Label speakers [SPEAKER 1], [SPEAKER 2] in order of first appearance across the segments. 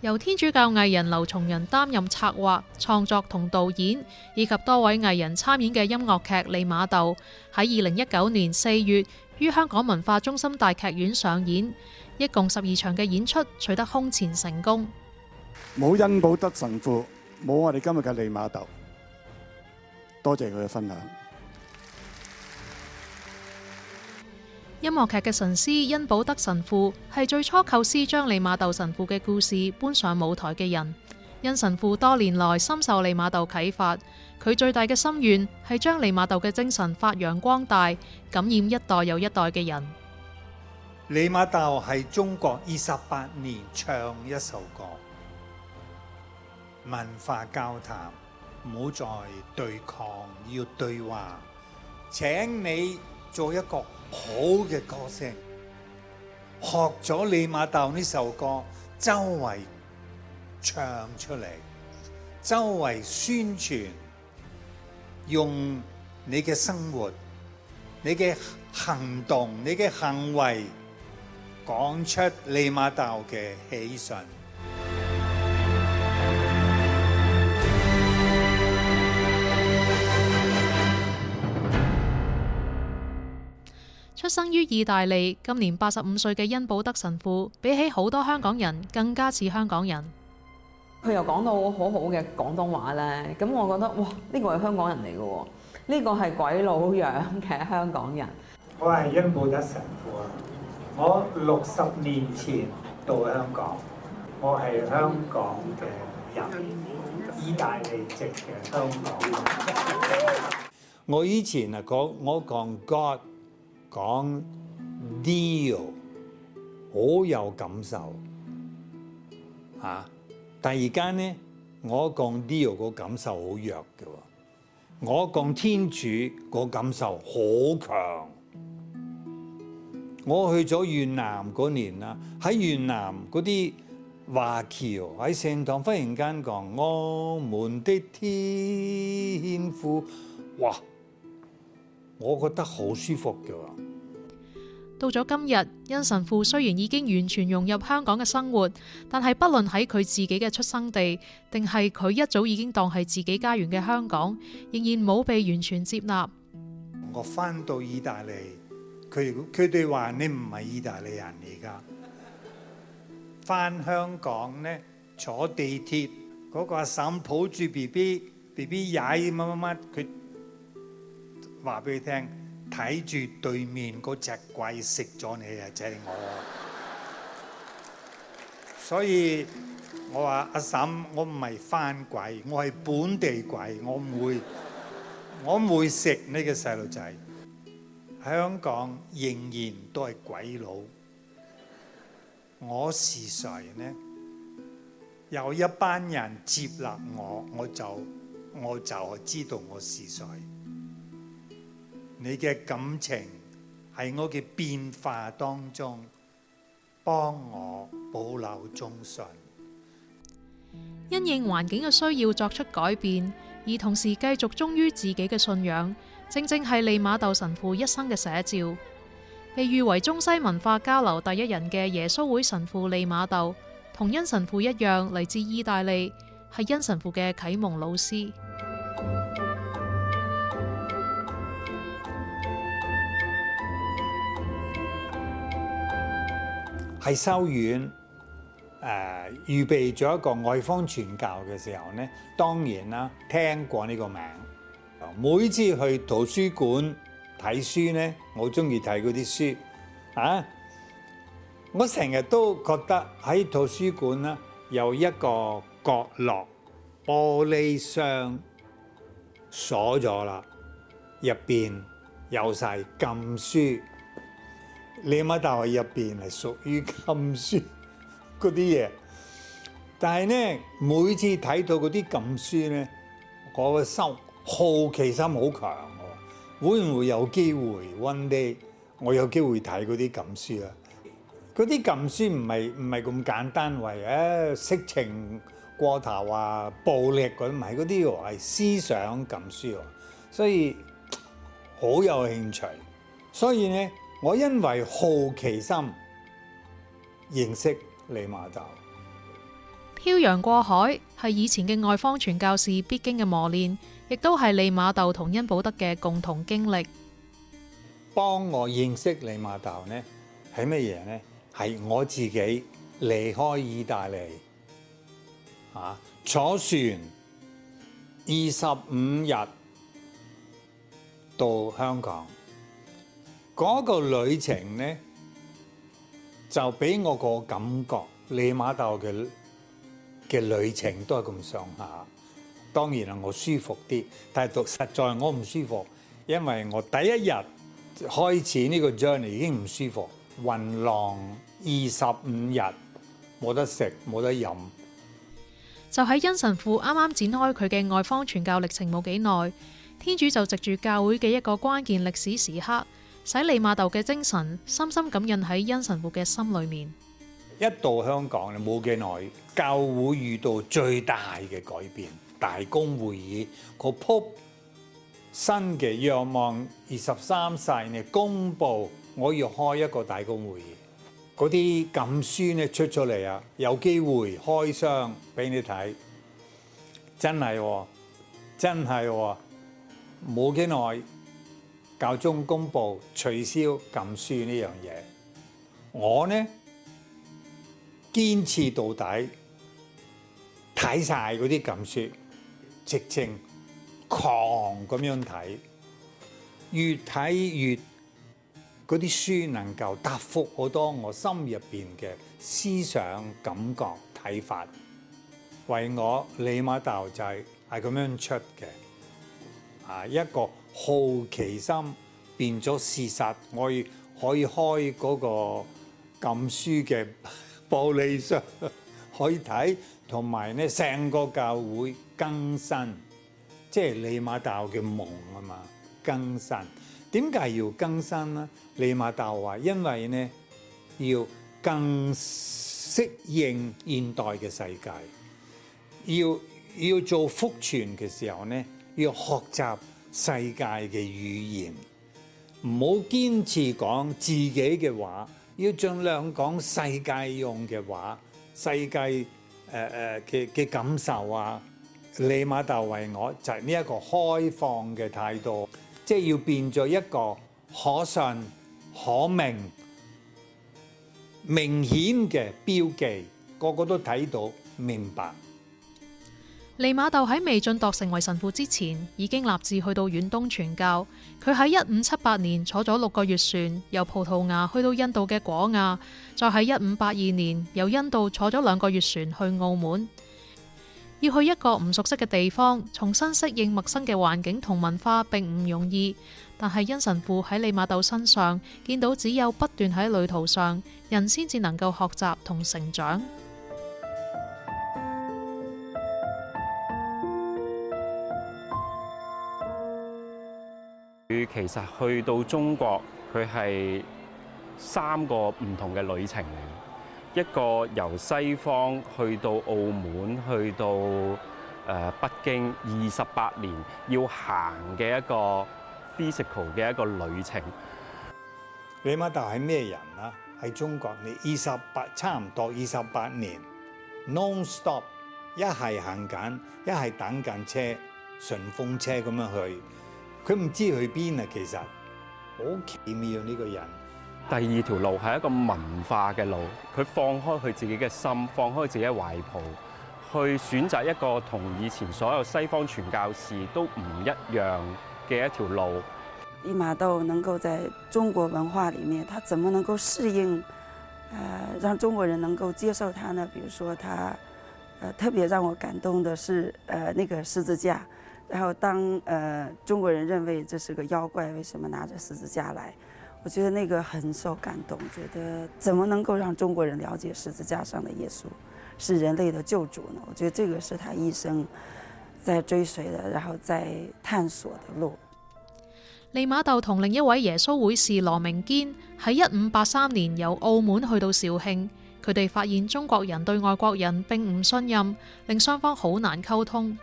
[SPEAKER 1] 由天主教藝人劉松仁擔任策劃、創作同導演，以及多位藝人參演嘅音樂劇《利瑪竇》，喺二零一九年四月，於香港文化中心大劇院上演，一共十二場嘅演出取得空前成功。
[SPEAKER 2] 冇
[SPEAKER 3] 恩保德神父，冇我哋今日嘅利馬竇，多謝佢嘅分
[SPEAKER 4] 享。
[SPEAKER 1] 音樂劇嘅神師恩保德神父係最初構思將利馬竇神父嘅故事搬上舞台嘅人。因神父多年來深受利瑪竇啟發，佢最大嘅心願係將利瑪竇嘅精神發揚光大，感染一代又一代嘅人。
[SPEAKER 3] 利瑪竇係中國二十八年唱一首歌，文化交談，唔好再對抗，要對話。請你做一個好嘅角色，學咗利瑪竇呢首歌，周圍。唱出嚟，周圍宣傳，用你嘅生活、你嘅行動、你嘅行為，講出利馬道嘅喜訊。
[SPEAKER 1] 出生於意大利，今年八十五歲嘅恩保德神父，比起好多香港人更加似香港人。佢又講到好好嘅廣東話咧，咁我覺得哇，呢個係香港人嚟嘅喎，呢個係鬼佬樣嘅香港人。
[SPEAKER 3] 我係恩布德神父啊，我六十年前到香港，我係香港嘅人，意大利籍嘅香港人。我以前啊講，我講 God 講 Deal，好有感受嚇。但而家咧，我講 Dio 個感受好弱嘅喎，我講天主個感受好強。我去咗越南嗰年啊，喺越南嗰啲華僑喺聖堂忽然間講我們的天父，哇！我覺得好舒服嘅。
[SPEAKER 1] 到咗今日，恩神父雖然已經完全融入香港嘅生活，但係不論喺佢自己嘅出生地，定係佢一早已經當係自己家園嘅香港，仍然冇被完全
[SPEAKER 3] 接納。我翻到意大利，佢佢哋話你唔係意大利人嚟㗎。翻香港呢，坐地鐵嗰個阿嬸抱住 B B，B B 踩乜乜乜，佢話俾你聽。睇住對面嗰隻鬼食咗你啊！即係我， 所以我話阿嬸，我唔係番鬼，我係本地鬼，我唔會， 我唔會食呢個細路仔。香港仍然都係鬼佬，我是誰呢？有一班人接納我，我就我就知道我是誰。你嘅感情喺我嘅變化當中，幫我保留忠信。
[SPEAKER 1] 因應環境嘅需要作出改變，而同時繼續忠於自己嘅信仰，正正係利馬竇神父一生嘅寫照。被譽為中西文化交流第一人嘅耶穌會神父利馬竇，同恩神父一樣嚟自意大利，係恩神父嘅啟蒙老師。
[SPEAKER 3] 喺修院誒、呃、預備咗一個外方傳教嘅時候咧，當然啦，聽過呢個名。每次去圖書館睇書咧，我中意睇嗰啲書啊！我成日都覺得喺圖書館咧有一個角落玻璃箱鎖咗啦，入邊有晒禁書。你喺大學入邊係屬於禁書嗰啲嘢？但係咧，每次睇到嗰啲禁書咧，我個心好奇心好強嘅，會唔會有機會？One day，我有機會睇嗰啲禁書啊！嗰啲禁書唔係唔係咁簡單，為咗色情過頭啊、暴力嗰啲，唔係，嗰啲係思想禁書喎，所以好有興趣，所以咧。我因為好奇心認識利瑪竇，
[SPEAKER 1] 漂洋過海係以前嘅外方傳教士必經嘅磨練，亦都係利瑪竇同恩保德嘅共同經歷。
[SPEAKER 3] 幫我認識利瑪竇呢？係乜嘢呢？係我自己離開意大利，坐船二十五日到香港。嗰個旅程呢，就俾我個感覺，利瑪竇嘅嘅旅程都係咁上下。當然啦，我舒服啲，但係實在我唔舒服，因為我第一日開始呢個 journey 已經唔舒服，暈浪二十五日，冇得食，冇得飲。
[SPEAKER 1] 就喺恩神父啱啱展開佢嘅外方傳教歷程冇幾耐，天主就藉住教會嘅一個關鍵歷史時刻。使利馬竇嘅精神深深感染喺恩神父嘅心裏面。
[SPEAKER 3] 一到香港咧，冇幾耐，教會遇到最大嘅改變。大公會議、那個鋪新嘅若望二十三世咧，公布我要開一個大公會議。嗰啲禁書呢，出咗嚟啊，有機會開箱俾你睇。真係喎、哦，真係喎、哦，冇幾耐。教宗公布取消禁書呢樣嘢，我呢堅持到底睇晒嗰啲禁書，直情狂咁樣睇，越睇越嗰啲書能夠答覆好多我心入邊嘅思想、感覺、睇法，為我你買豆仔係咁樣出嘅啊一個。好奇心變咗事實，我亦可以開嗰個禁書嘅玻璃箱可以睇，同埋咧成個教會更新，即係利瑪竇嘅夢啊嘛！更新點解要更新咧？利瑪竇話因為咧要更適應現代嘅世界，要要做福傳嘅時候咧，要學習。世界嘅語言，唔好堅持講自己嘅話，要盡量講世界用嘅話，世界誒誒嘅嘅感受啊，你馬豆為我就係呢一個開放嘅態度，即係要變做一個可信、可明、明顯嘅標記，個個都睇到明白。
[SPEAKER 1] 利馬竇喺未晉鐸成為神父之前，已經立志去到遠東傳教。佢喺一五七八年坐咗六個月船，由葡萄牙去到印度嘅果亞，再喺一五八二年由印度坐咗兩個月船去澳門。要去一個唔熟悉嘅地方，重新適應陌生嘅環境同文化，並唔容易。但係因神父喺利馬竇身上見到，只有不斷喺旅途上，人先至能夠學習同成長。
[SPEAKER 4] 佢其實去到中國，佢係三個唔同嘅旅程嚟。一個由西方去到澳門，去到誒北京，二十八年要行嘅一個 physical 嘅一個旅程。
[SPEAKER 3] 利瑪竇係咩人啊？喺中國，你二十八，差唔多二十八年，non-stop，一係行緊，一係等緊車，順風車咁樣去。佢唔知
[SPEAKER 4] 去邊啊！其實好奇妙呢個人。第二條路係一個文化嘅路，佢放開佢自己嘅心，放開自己嘅懷抱，去選擇一個同以前所有西方傳教士都唔一樣嘅一條路。利瑪竇能夠在中國文化裏面，他怎麼能夠適應？呃，讓中國人能夠接受他呢？比如說，他，呃，特別讓我感動的是，呃，那個十字架。然後當，當呃中國人認為這是個妖怪，為什麼拿着十字架來？我覺得那個很受感動。覺得怎麼能夠讓中國人了解十字架上的耶穌是人類的救主呢？我覺得這個是他一生在追隨的，然後在探索的路。
[SPEAKER 1] 利瑪竇同另一位耶穌會士羅明堅喺一五八三年由澳門去到肇慶，佢哋發現中國人對外國人並唔信任，令雙方好難溝通。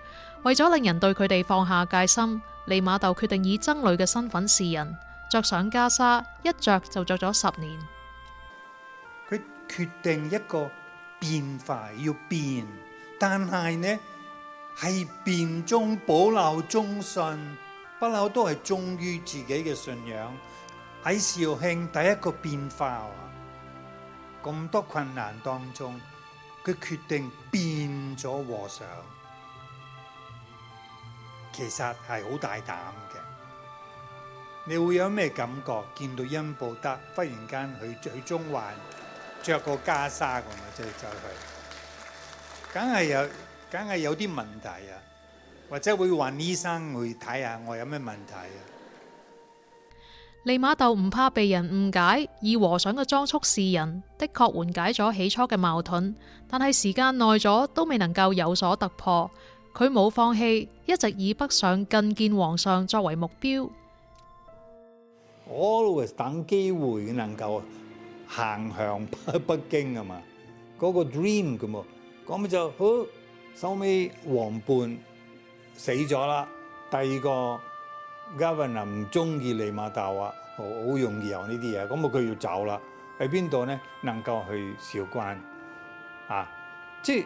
[SPEAKER 1] 為咗令人對佢哋放下戒心，利馬竇決定以僧侶嘅身份示人，着上袈裟，一着就着咗十年。
[SPEAKER 3] 佢決定一個變化，要變，但係呢係變中保留忠信，不嬲都係忠於自己嘅信仰。喺肇慶第一個變化，咁多困難當中，佢決定變咗和尚。其實係好大膽嘅，你會有咩感覺？見到因報德忽然間去去中環着個袈裟咁即係就係，梗係有，梗係有啲問題啊，或者會揾醫生去睇下我有咩問題啊？
[SPEAKER 1] 利馬竇唔怕被人誤解，以和尚嘅裝束示人，的確緩解咗起初嘅矛盾，但係時間耐咗都未能夠有所突破。佢冇放棄，一直以北上覲見皇上作為目標。
[SPEAKER 3] always 等機會能夠行向北京，那個、ream, 啊嘛，嗰個 dream 噶嘛，咁咪就好收尾。皇半死咗啦，第二個 Governor 唔中意利瑪竇啊，好容易有呢啲嘢，咁啊佢要走啦。喺邊度呢？能夠去韶關啊，即係。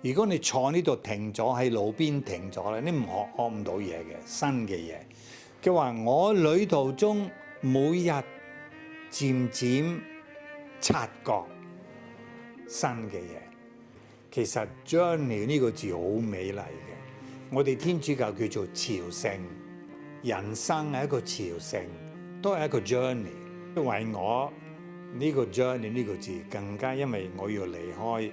[SPEAKER 3] 如果你坐呢度停咗喺路邊停咗咧，你唔學學唔到嘢嘅新嘅嘢。佢話我旅途中每日漸漸察覺新嘅嘢。其實 journey 呢個字好美麗嘅，我哋天主教叫做朝聖，人生係一個朝聖，都係一個 journey。因為我呢個 journey 呢個字更加，因為我要離開。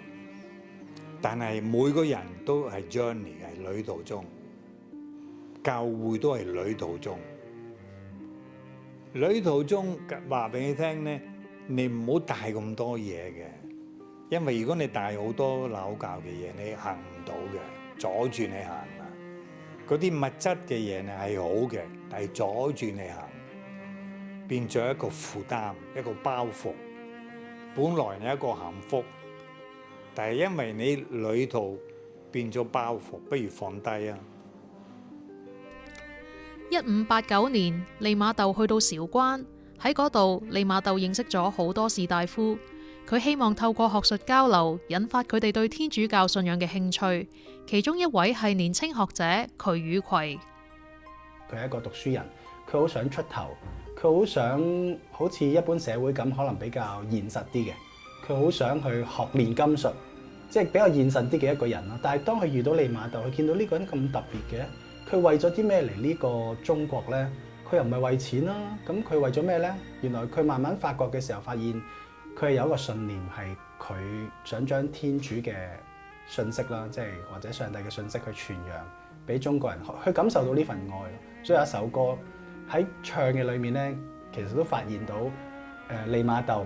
[SPEAKER 3] 但係每個人都係 journey 嘅，旅途中，教會都係旅途中。旅途中話俾你聽咧，你唔好帶咁多嘢嘅，因為如果你帶好多攔教嘅嘢，你行唔到嘅，阻住你行啊！嗰啲物質嘅嘢咧係好嘅，但係阻住你行，變咗一個負擔，一個包袱。本來係一個幸福。但係因為你旅途變咗包袱，不如放低啊！一五
[SPEAKER 1] 八九年，利馬竇去到韶關，喺嗰度，利馬竇認識咗好多士大夫。佢希望透過學術交流，引發佢哋對天主教信仰嘅興趣。其中一位係年青學者瞿汝夔。
[SPEAKER 2] 佢係一個讀書人，佢好想出頭，佢好想好似一般社會咁，可能比較現實啲嘅。佢好想去學煉金術。即係比較現實啲嘅一個人啦，但係當佢遇到利瑪竇，佢見到呢個人咁特別嘅，佢為咗啲咩嚟呢個中國咧？佢又唔係為錢啦、啊，咁佢為咗咩咧？原來佢慢慢發覺嘅時候，發現佢係有一個信念，係佢想將天主嘅信息啦，即係或者上帝嘅信息去傳揚俾中國人，去感受到呢份愛。所以有一首歌喺唱嘅裡面咧，其實都發現到誒利瑪竇。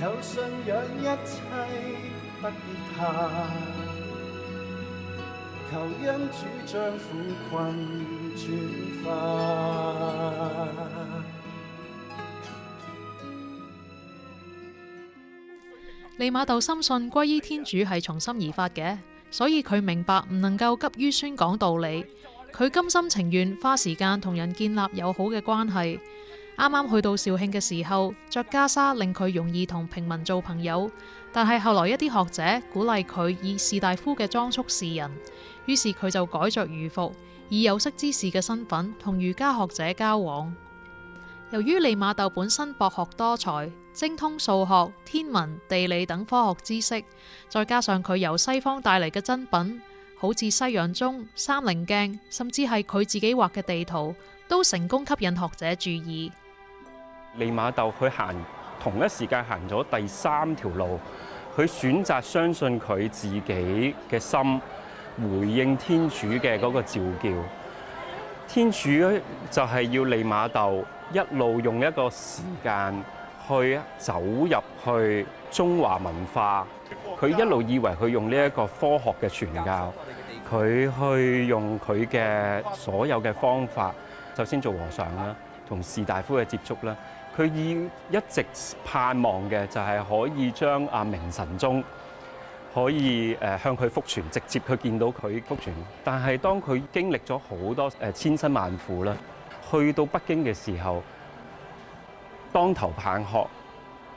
[SPEAKER 2] 求信仰一切不必怕。求央主將苦困轉化。
[SPEAKER 1] 利瑪竇深信歸依天主係從心而發嘅，所以佢明白唔能夠急於宣講道理，佢甘心情願花時間同人建立友好嘅關係。啱啱去到肇慶嘅時候，着袈裟令佢容易同平民做朋友。但係後來一啲學者鼓勵佢以士大夫嘅裝束示人，於是佢就改着儒服，以有識之士嘅身份同儒家學者交往。由於利瑪竇本身博學多才，精通數學、天文、地理等科學知識，再加上佢由西方帶嚟嘅珍品，好似西洋鐘、三稜鏡，甚至係佢自己畫嘅地圖，都成功吸引學者注意。.
[SPEAKER 4] 利馬竇佢行，同一時間行咗第三條路，佢選擇相信佢自己嘅心，回應天主嘅嗰個召叫。天主就係要利馬竇一路用一個時間去走入去中華文化。佢一路以為佢用呢一個科學嘅傳教，佢去用佢嘅所有嘅方法，首先做和尚啦，同士大夫嘅接觸啦。佢要一直盼望嘅，就係可以將阿明神宗可以誒向佢福傳直接去見到佢福傳，但係當佢經歷咗好多誒千辛萬苦啦，去到北京嘅時候，當頭棒喝，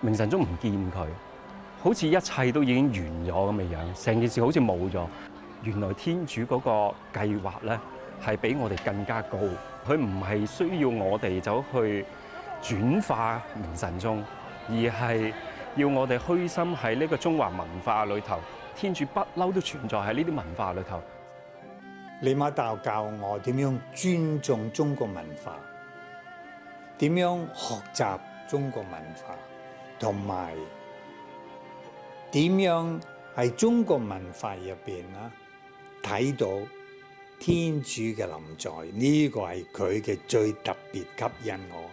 [SPEAKER 4] 明神宗唔見佢，好似一切都已經完咗咁嘅樣，成件事好似冇咗。原來天主嗰個計劃咧，係比我哋更加高，佢唔係需要我哋走去轉化明神眾，而係要我哋虛心喺呢個中華文化裏頭，天主不嬲都存在喺呢啲文化裏頭。
[SPEAKER 3] 利瑪竇教我點樣尊重中國文化，點樣學習中國文化，同埋點樣喺中國文化入邊啊睇到天主嘅臨在。呢個係佢嘅最特別吸引我。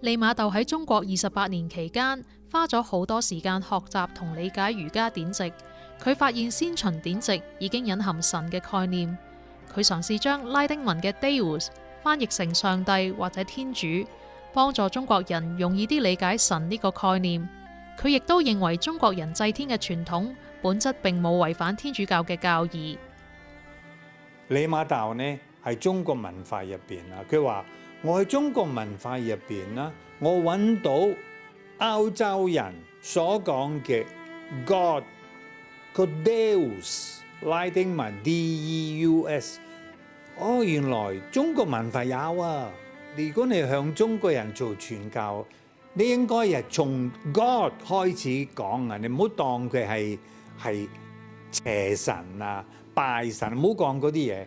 [SPEAKER 1] 利瑪竇喺中國二十八年期間，花咗好多時間學習同理解儒家典籍。佢發現先秦典籍已經隱含神嘅概念。佢嘗試將拉丁文嘅 Deus 翻譯成上帝或者天主，幫助中國人容易啲理解神呢個概念。佢亦都認為中國人祭天嘅傳統本質並冇違反天主教嘅教義。
[SPEAKER 3] 利瑪竇呢？喺中國文化入邊啦，佢話我喺中國文化入邊啦，我揾到歐洲人所講嘅 God，個 Deus，拉丁文 D-E-U-S，哦原來中國文化有啊！如果你向中國人做傳教，你應該係從 God 開始講啊！你唔好當佢係係邪神啊、拜神，唔好講嗰啲嘢。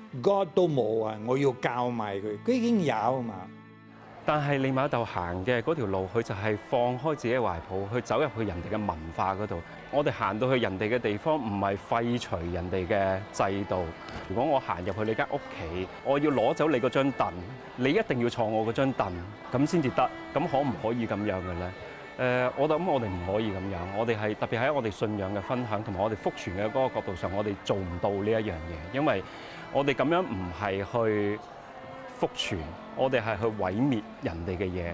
[SPEAKER 3] God 都冇啊！我要教埋佢，佢已經有嘛。
[SPEAKER 4] 但係利瑪竇行嘅嗰條路，佢就係放開自己嘅懷抱，去走入去人哋嘅文化嗰度。我哋行到去人哋嘅地方，唔係廢除人哋嘅制度。如果我行入去你間屋企，我要攞走你嗰張凳，你一定要坐我嗰張凳，咁先至得。咁可唔可以咁樣嘅咧？誒，我諗我哋唔可以咁樣。我哋係特別喺我哋信仰嘅分享，同埋我哋福傳嘅嗰個角度上，我哋做唔到呢一樣嘢，因為。我哋咁樣唔係去福傳，我哋係去毀滅人哋嘅嘢，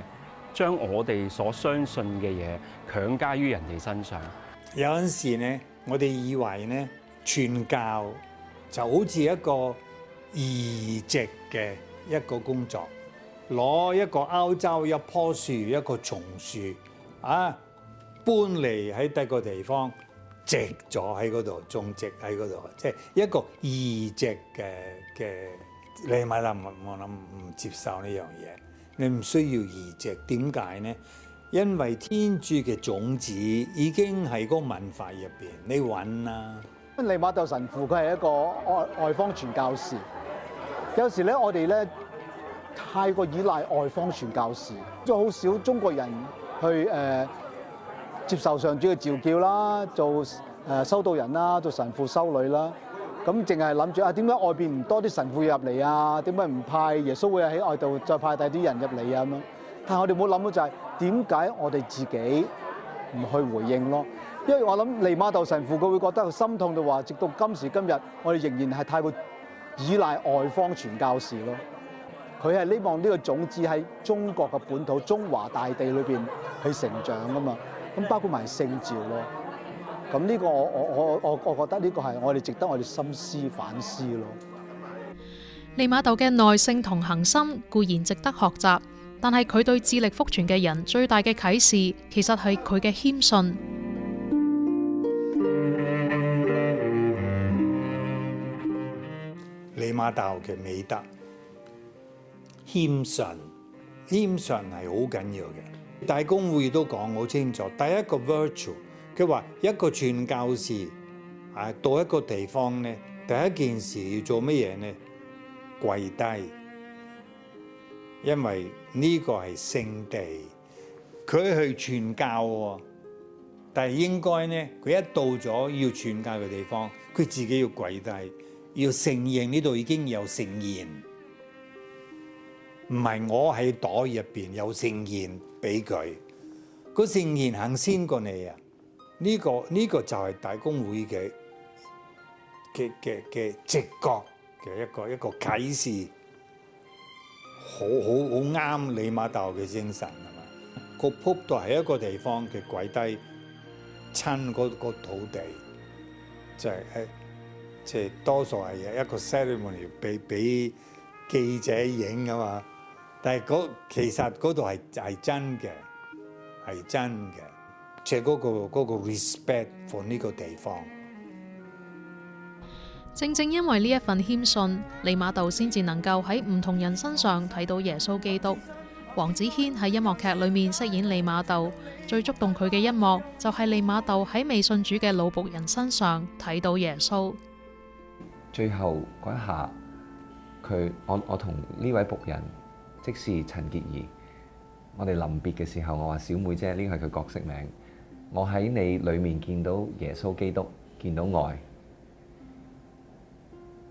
[SPEAKER 4] 將我哋所相信嘅嘢強加於人哋身上。有陣時咧，我哋以為咧傳教
[SPEAKER 3] 就好似一個移植嘅一個工作，攞一個歐洲一樖樹一個松樹啊，搬嚟喺第個地方。植咗喺嗰度，種植喺嗰度，即係、就是、一個移植嘅嘅。
[SPEAKER 4] 你咪啦，
[SPEAKER 3] 我我諗唔接受呢樣嘢，你唔需要移植，點解呢？因為天主嘅種子已經喺嗰個文化入邊，你搵啦、啊。利
[SPEAKER 2] 瑪竇神父佢係一個外外方傳教士，有時咧我哋咧太過依賴外方傳教士，都好少中國人去誒。呃接受上主嘅召叫啦，做誒、呃、修道人啦，做神父修女啦。咁淨係諗住啊，點解外邊唔多啲神父入嚟啊？點解唔派耶穌會喺外度再派第啲人入嚟啊？咁樣，但係我哋冇諗到就係點解我哋自己唔去回應咯？因為我諗利瑪竇神父佢會覺得佢心痛到話，直到今時今日，我哋仍然係太過依賴外方傳教士咯。佢係希望呢個種子喺中國嘅本土、中華大地裏邊去成長啊嘛。咁包括埋聖召咯，咁呢個我我我我我覺得呢個係我哋值得我哋深思反思咯。
[SPEAKER 1] 利瑪竇嘅耐性同恆心固然值得學習，但係佢對智力福傳嘅人最大嘅啟示，其實係佢嘅謙遜。
[SPEAKER 3] 利瑪竇嘅美德，謙遜謙遜係好緊要嘅。大公會都講好清楚，第一個 virtue，佢話一個傳教士啊到一個地方咧，第一件事要做乜嘢咧？跪低，因為呢個係聖地，佢去傳教，但係應該咧，佢一到咗要傳教嘅地方，佢自己要跪低，要承認呢度已經有聖言，唔係我喺袋入面有聖言。俾佢，佢善言行先過你啊！呢個呢個就係大公會嘅嘅嘅嘅直覺嘅一個一個啟示，好好好啱利瑪竇嘅精神啊嘛？個仆倒喺一個地方嘅跪低親嗰個土地，就係係即係多數係一個 ceremony 俾俾記者影啊嘛。但係嗰其實嗰度係係真嘅，係真嘅，借、就、嗰、是那個嗰、那個 respect for 呢個地方。
[SPEAKER 1] 正正因為呢一份謙遜，利瑪竇先至能夠喺唔同人身上睇到耶穌基督。黃子軒喺音樂劇裏面飾演利瑪竇，最觸動佢嘅一幕就係利瑪竇喺未信主嘅老僕人身上睇到耶穌。
[SPEAKER 5] 最後嗰一下，佢我我同呢位僕人。即是陳潔儀，我哋臨別嘅時候，我話小妹姐，呢個係佢角色名。我喺你裏面見到耶穌基督，見到愛，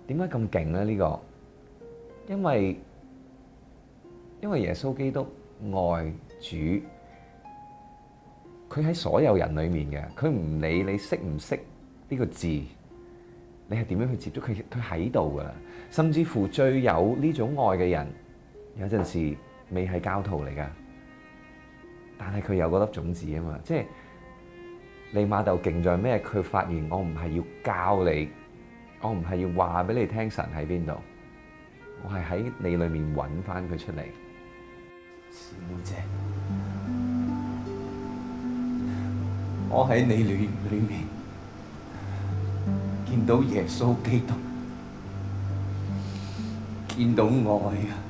[SPEAKER 5] 點解咁勁呢？呢個因為因為耶穌基督愛主，佢喺所有人裏面嘅，佢唔理你識唔識呢個字，你係點樣去接觸佢？佢喺度㗎喇，甚至乎最有呢種愛嘅人。有陣時未係焦土嚟噶，但係佢有嗰粒種子啊嘛。即係利瑪竇勁在咩？佢發現我唔係要教你，我唔係要話俾你聽神喺邊度，我係喺你裏面揾翻佢出嚟。師妹姐，我喺你裏裏面見到耶穌基督，見到愛啊！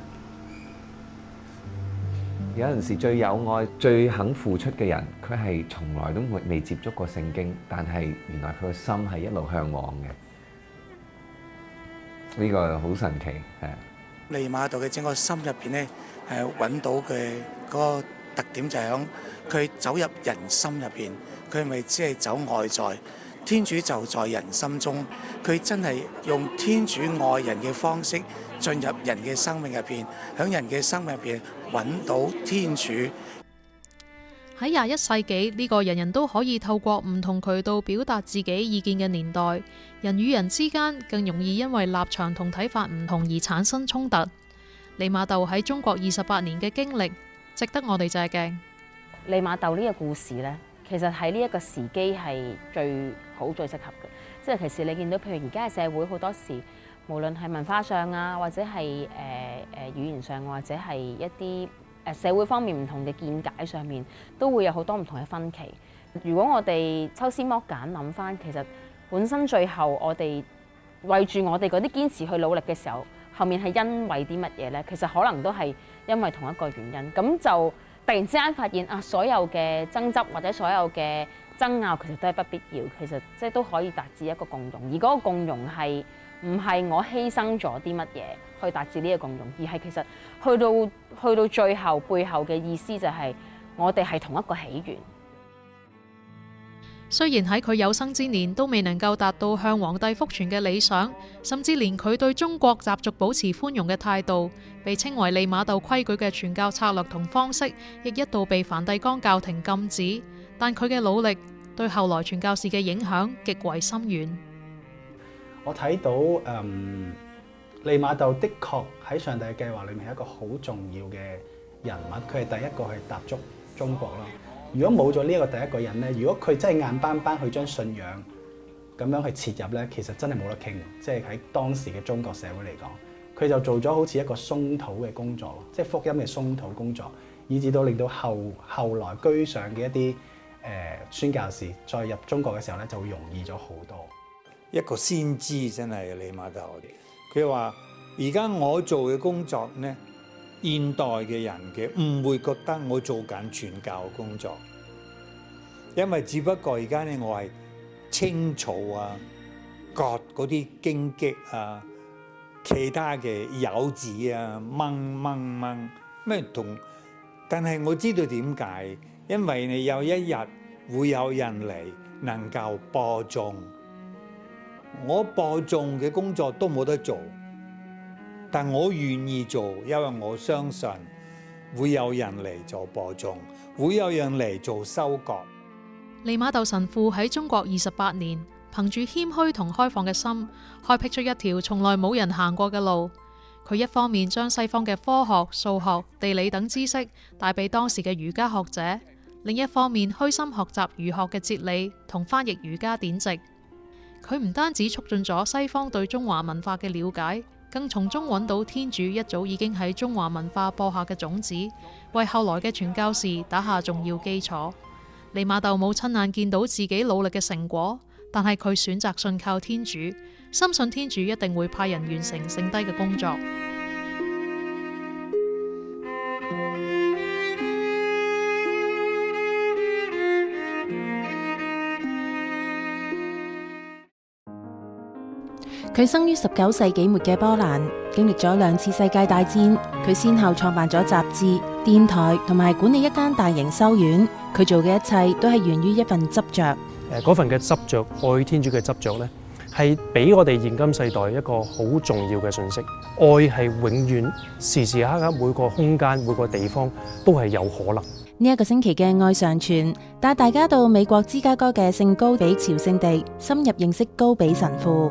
[SPEAKER 5] 有陣時最有愛、最肯付出嘅人，佢係從來都未未接觸過聖經，但係原來佢個心係一路嚮往嘅。呢個好神奇，係。
[SPEAKER 2] 利瑪竇嘅整個心入邊咧，係揾到嘅嗰個特點就係響佢走入人心入邊，佢唔係只係走外在，天主就在人心中，佢真係用天主愛人嘅方式。進入人嘅生命入邊，喺人嘅生命入邊揾到天主。
[SPEAKER 1] 喺廿一世紀呢個人人都可以透過唔同渠道表達自己意見嘅年代，人與人之間更容易因為立場同睇法唔同而產生衝突。利瑪竇喺中國二十八年嘅經歷，值得我哋借鏡。利瑪竇呢個故事咧，其實喺呢一個時機係最好最適合嘅，即係其實你見到譬如而家嘅社會好多時。無論係文化上啊，或者係誒誒語言上，或者係一啲誒社會方面唔同嘅見解上面，都會有好多唔同嘅分歧。如果我哋抽絲剝繭諗翻，其實本身最後我哋為住我哋嗰啲堅持去努力嘅時候，後面係因為啲乜嘢呢？其實可能都係因為同一個原因。咁就突然之間發現啊，所有嘅爭執或者所有嘅。爭拗其實都係不必要，其實即係都可以達至一個共融。而嗰個共融係唔係我犧牲咗啲乜嘢去達至呢個共融？而係其實去到去到最後背後嘅意思就係我哋係同一個起源。雖然喺佢有生之年都未能夠達到向皇帝復存嘅理想，甚至連佢對中國習俗保持寬容嘅態度，被稱為利瑪竇規矩嘅傳教策略同方式，亦一度被梵蒂岡教廷禁止。但佢嘅努力對後來傳教士嘅影響極為深遠。
[SPEAKER 2] 我睇到，嗯，利瑪竇，的確喺上帝嘅計劃裏面係一個好重要嘅人物。佢係第一個去踏足中國咯。如果冇咗呢一個第一個人咧，如果佢真係硬梆梆去將信仰咁樣去切入咧，其實真係冇得傾。即係喺當時嘅中國社會嚟講，佢就做咗好似一個鬆土嘅工作，即係福音嘅鬆土工作，以至到令到後後來居上嘅一啲。誒、呃、宣
[SPEAKER 3] 教士再入中國嘅時候咧，就會容易咗好多。一個先知真係你馬達我哋，佢話：而家我做嘅工作咧，現代嘅人嘅唔會覺得我做緊傳教嘅工作，因為只不過而家咧我係清草啊割嗰啲荊棘啊，其他嘅莠子啊掹掹掹咩同。但係我知道點解，因為你有一日。會有人嚟，能夠播種，我播種嘅工作都冇得做，但我願意做，因為我相信會有人嚟做播種，會有人嚟做收割。
[SPEAKER 1] 利瑪竇神父喺中國二十八年，憑住謙虛同開放嘅心，開闢出一條從來冇人行過嘅路。佢一方面將西方嘅科學、數學、地理等知識帶俾當時嘅儒家學者。另一方面，虛心學習儒學嘅哲理同翻譯儒家典籍，佢唔單止促進咗西方對中華文化嘅了解，更從中揾到天主一早已經喺中華文化播下嘅種子，為後來嘅傳教士打下重要基礎。利瑪竇冇親眼見到自己努力嘅成果，但係佢選擇信靠天主，深信天主一定會派人完成剩低嘅工作。佢生於十九世紀末嘅波蘭，經歷咗兩次世界大戰。佢先後創辦咗雜誌、電台，同埋管理一間大型修院。佢做嘅一切都係源於一份
[SPEAKER 4] 執着。誒，嗰份嘅執着，愛天主嘅執着呢，係俾我哋現今世代一個好重要嘅信息。愛係永遠，時時刻刻，每個空間、每個地方都係有可能。
[SPEAKER 1] 呢一個星期嘅愛上傳帶大家到美國芝加哥嘅聖高比朝聖地，深入認識高比神父。